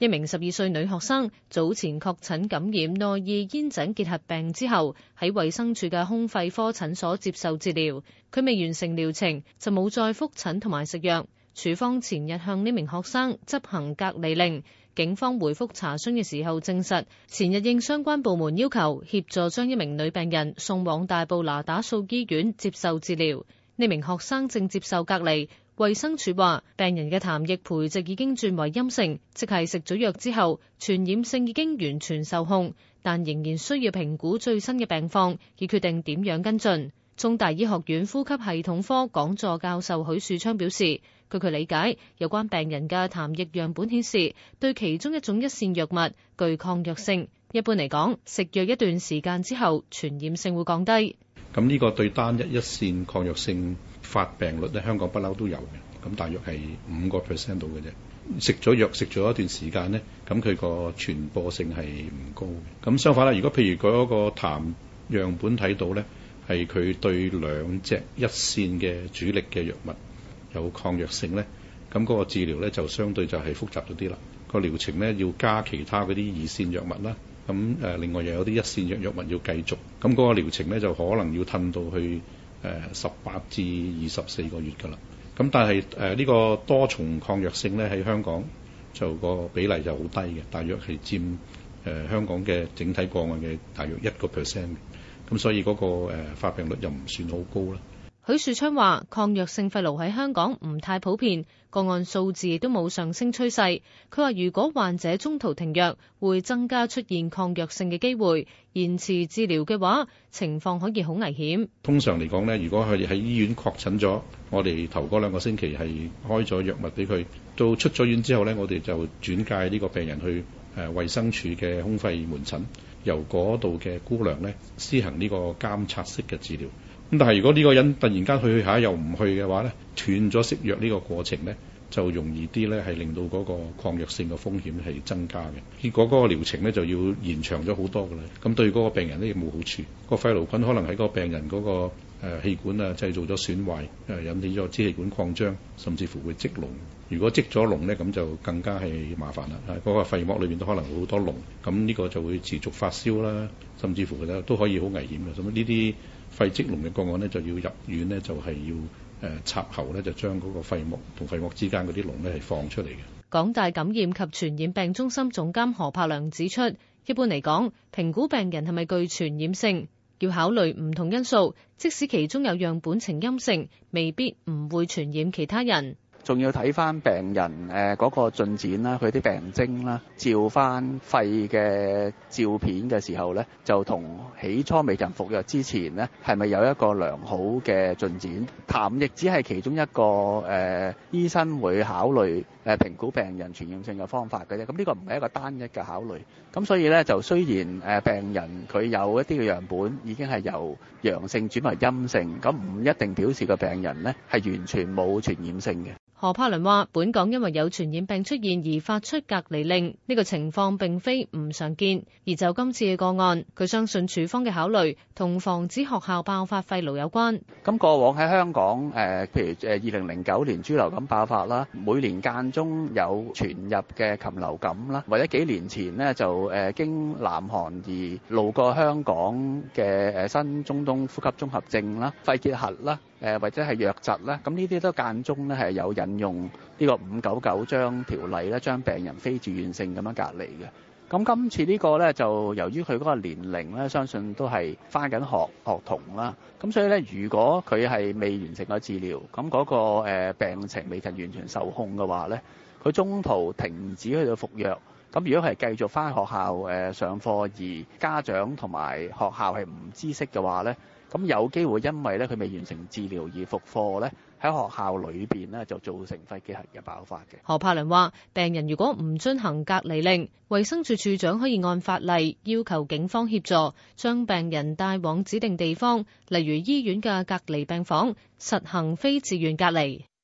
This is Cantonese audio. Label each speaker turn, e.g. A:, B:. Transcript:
A: 一名十二歲女學生早前確診感染耐異煙肼結核病之後，喺衛生署嘅胸肺科診所接受治療。佢未完成療程就冇再覆診同埋食藥。署方前日向呢名學生執行隔離令。警方回覆查詢嘅時候證實，前日應相關部門要求協助將一名女病人送往大埔那打素醫院接受治療。呢名學生正接受隔離。衛生署話，病人嘅痰液培植已經轉為陰性，即係食咗藥之後，傳染性已經完全受控，但仍然需要評估最新嘅病況，以決定點樣跟進。中大醫學院呼吸系統科講座教授許樹昌表示，據佢理解，有關病人嘅痰液樣本顯示，對其中一種一線藥物具抗藥性。一般嚟講，食藥一段時間之後，傳染性會降低。
B: 咁呢個對單一一線抗藥性發病率咧，香港不嬲都有嘅，咁大約係五個 percent 度嘅啫。食咗藥食咗一段時間咧，咁佢個傳播性係唔高嘅。咁相反啦，如果譬如嗰個痰樣本睇到咧，係佢對兩隻一線嘅主力嘅藥物有抗藥性咧，咁嗰個治療咧就相對就係複雜咗啲啦。個療程咧要加其他嗰啲二線藥物啦。咁誒、嗯，另外又有啲一線藥藥物要繼續，咁、嗯、嗰、那個療程咧就可能要褪到去誒十八至二十四個月㗎啦。咁、嗯、但係誒呢個多重抗藥性咧喺香港就個比例就好低嘅，大約係佔誒、呃、香港嘅整體個案嘅大約一個 percent。咁、嗯、所以嗰、那個誒、呃、發病率就唔算好高啦。
A: 許樹昌話：抗藥性肺癆喺香港唔太普遍，個案數字都冇上升趨勢。佢話如果患者中途停藥，會增加出現抗藥性嘅機會。延遲治療嘅話，情況可以好危險。
B: 通常嚟講呢，如果佢哋喺醫院確診咗，我哋頭嗰兩個星期係開咗藥物俾佢。到出咗院之後呢，我哋就轉介呢個病人去誒衛生署嘅胸肺門診，由嗰度嘅姑娘呢施行呢個監察式嘅治療。咁但係，如果呢個人突然間去下又唔去嘅話咧，斷咗食藥呢個過程咧，就容易啲咧係令到嗰個抗藥性嘅風險係增加嘅。結果嗰個療程咧就要延長咗好多嘅喇。咁對嗰個病人咧亦冇好處。個肺癆菌可能喺嗰個病人嗰、那個誒、呃、氣管啊，即係做咗損壞，誒、呃、引起咗支氣管擴張，甚至乎會積膿。如果積咗膿咧，咁就更加係麻煩啦。嗰、那個肺膜裏面都可能好多膿，咁呢個就會持續發燒啦，甚至乎咧都可以好危險嘅。咁呢啲。肺積膿嘅個案呢，就要入院呢，就係要誒插喉咧，就將嗰個肺膜同肺膜之間嗰啲膿咧，係放出嚟嘅。
A: 港大感染及傳染病中心總監何柏良指出，一般嚟講，評估病人係咪具傳染性，要考慮唔同因素，即使其中有樣本呈陰性，未必唔會傳染其他人。
C: 仲要睇翻病人誒嗰個進展啦，佢啲病徵啦，照翻肺嘅照片嘅時候呢，就同起初未曾服藥之前呢，係咪有一個良好嘅進展？痰液只係其中一個誒、呃、醫生會考慮誒評估病人傳染性嘅方法嘅啫。咁呢個唔係一個單一嘅考慮。咁所以呢，就雖然誒病人佢有一啲嘅樣本已經係由陽性轉為陰性，咁唔一定表示個病人呢係完全冇傳染性嘅。
A: 何柏倫話，本港因為有傳染病出現而發出隔離令，呢個情況並非唔常見。而就今次嘅個案，佢相信署方嘅考慮同防止學校爆發肺癆有關。
C: 咁過往喺香港，誒，譬如二零零九年豬流感爆發啦，每年間中有傳入嘅禽流感啦，或者幾年前呢就誒經南韓而路過香港嘅誒新中東呼吸綜合症啦、肺結核啦。誒或者係藥疾咧，咁呢啲都間中咧係有引用呢個五九九章條例咧，將病人非住院性咁樣隔離嘅。咁今次這個呢個咧就由於佢嗰個年齡咧，相信都係返緊學學童啦。咁所以咧，如果佢係未完成個治療，咁嗰個病情未及完全受控嘅話咧，佢中途停止去到服藥，咁如果係繼續返學校誒上課，而家長同埋學校係唔知悉嘅話咧，咁有機會因為咧佢未完成治療而復課咧，喺學校裏邊呢，就造成肺結核嘅爆發嘅。
A: 何柏良話：病人如果唔遵行隔離令，衛生署署長可以按法例要求警方協助將病人帶往指定地方，例如醫院嘅隔離病房，實行非自願隔離。